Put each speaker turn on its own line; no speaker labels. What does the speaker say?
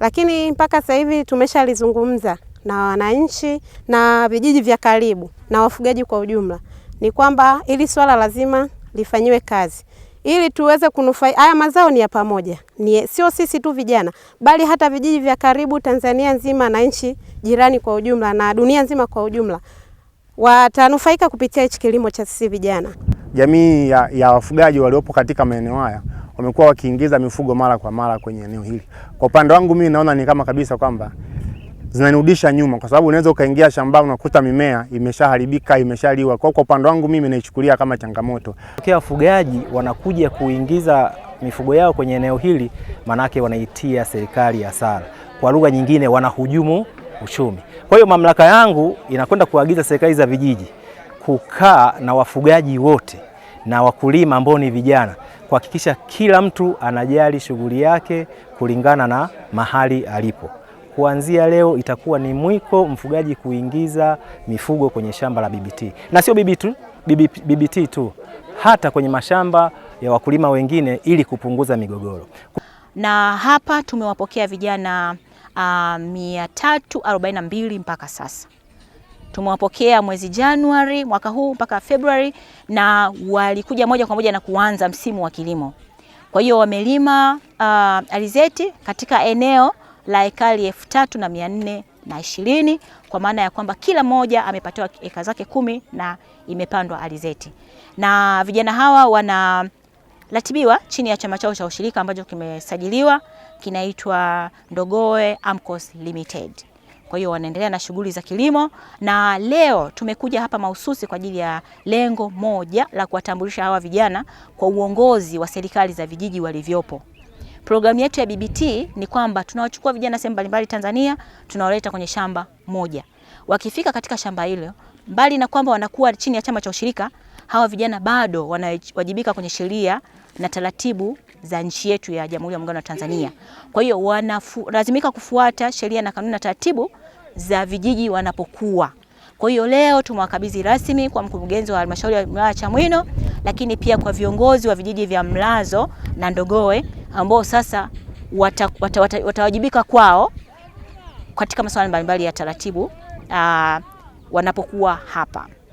lakini mpaka sasa hivi tumeshalizungumza na wananchi na vijiji vya karibu na wafugaji kwa ujumla, ni kwamba ili swala lazima lifanyiwe kazi ili tuweze kunufaika. Haya mazao ni ya pamoja, ni sio sisi tu vijana, bali hata vijiji vya karibu Tanzania nzima na nchi jirani kwa ujumla na dunia nzima kwa ujumla watanufaika kupitia hichi kilimo cha sisi vijana.
Jamii ya, ya wafugaji waliopo katika maeneo haya wamekuwa wakiingiza mifugo mara kwa mara kwenye eneo hili. Kwa upande wangu mimi naona ni kama kabisa kwamba zinanirudisha nyuma, kwa sababu unaweza ukaingia shambani unakuta mimea imeshaharibika, imeshaliwa. Kwa kwa upande wangu mimi naichukulia kama changamoto.
Kwa wafugaji wanakuja kuingiza mifugo yao kwenye eneo hili, manake wanaitia serikali hasara, kwa lugha nyingine wanahujumu uchumi. Kwa hiyo mamlaka yangu inakwenda kuagiza serikali za vijiji kukaa na wafugaji wote na wakulima ambao ni vijana kuhakikisha kila mtu anajali shughuli yake kulingana na mahali alipo. Kuanzia leo itakuwa ni mwiko mfugaji kuingiza mifugo kwenye shamba la BBT na sio BBT, BBT tu, hata kwenye mashamba ya wakulima wengine ili kupunguza migogoro.
Na hapa tumewapokea vijana uh, ah, 342 mpaka sasa. Tumewapokea mwezi Januari mwaka huu mpaka Februari na walikuja moja kwa moja na kuanza msimu wa kilimo. Kwa hiyo wamelima uh, alizeti katika eneo la ekari elfu tatu na mia nne na ishirini kwa maana ya kwamba kila mmoja amepatiwa eka zake kumi na imepandwa alizeti, na vijana hawa wanaratibiwa chini ya chama chao cha ushirika ambacho kimesajiliwa kinaitwa Ndogoe Amcos Limited. Kwa hiyo wanaendelea na shughuli za kilimo, na leo tumekuja hapa mahususi kwa ajili ya lengo moja la kuwatambulisha hawa vijana kwa uongozi wa serikali za vijiji walivyopo. Programu yetu ya BBT ni kwamba tunawachukua vijana sehemu mbalimbali Tanzania, tunawaleta kwenye shamba moja. Wakifika katika shamba hilo, mbali na kwamba wanakuwa chini ya chama cha ushirika, hawa vijana bado wanawajibika kwenye sheria na taratibu za nchi yetu ya Jamhuri ya Muungano wa Tanzania. Kwa hiyo wanalazimika kufuata sheria na kanuni na taratibu za vijiji wanapokuwa. Kwa hiyo leo tumewakabidhi rasmi kwa mkurugenzi wa halmashauri ya wilaya ya Chamwino, lakini pia kwa viongozi wa vijiji vya Mlazo na ndogoe ambao sasa watawajibika wata, wata, wata kwao katika masuala mbalimbali ya taratibu aa, wanapokuwa hapa.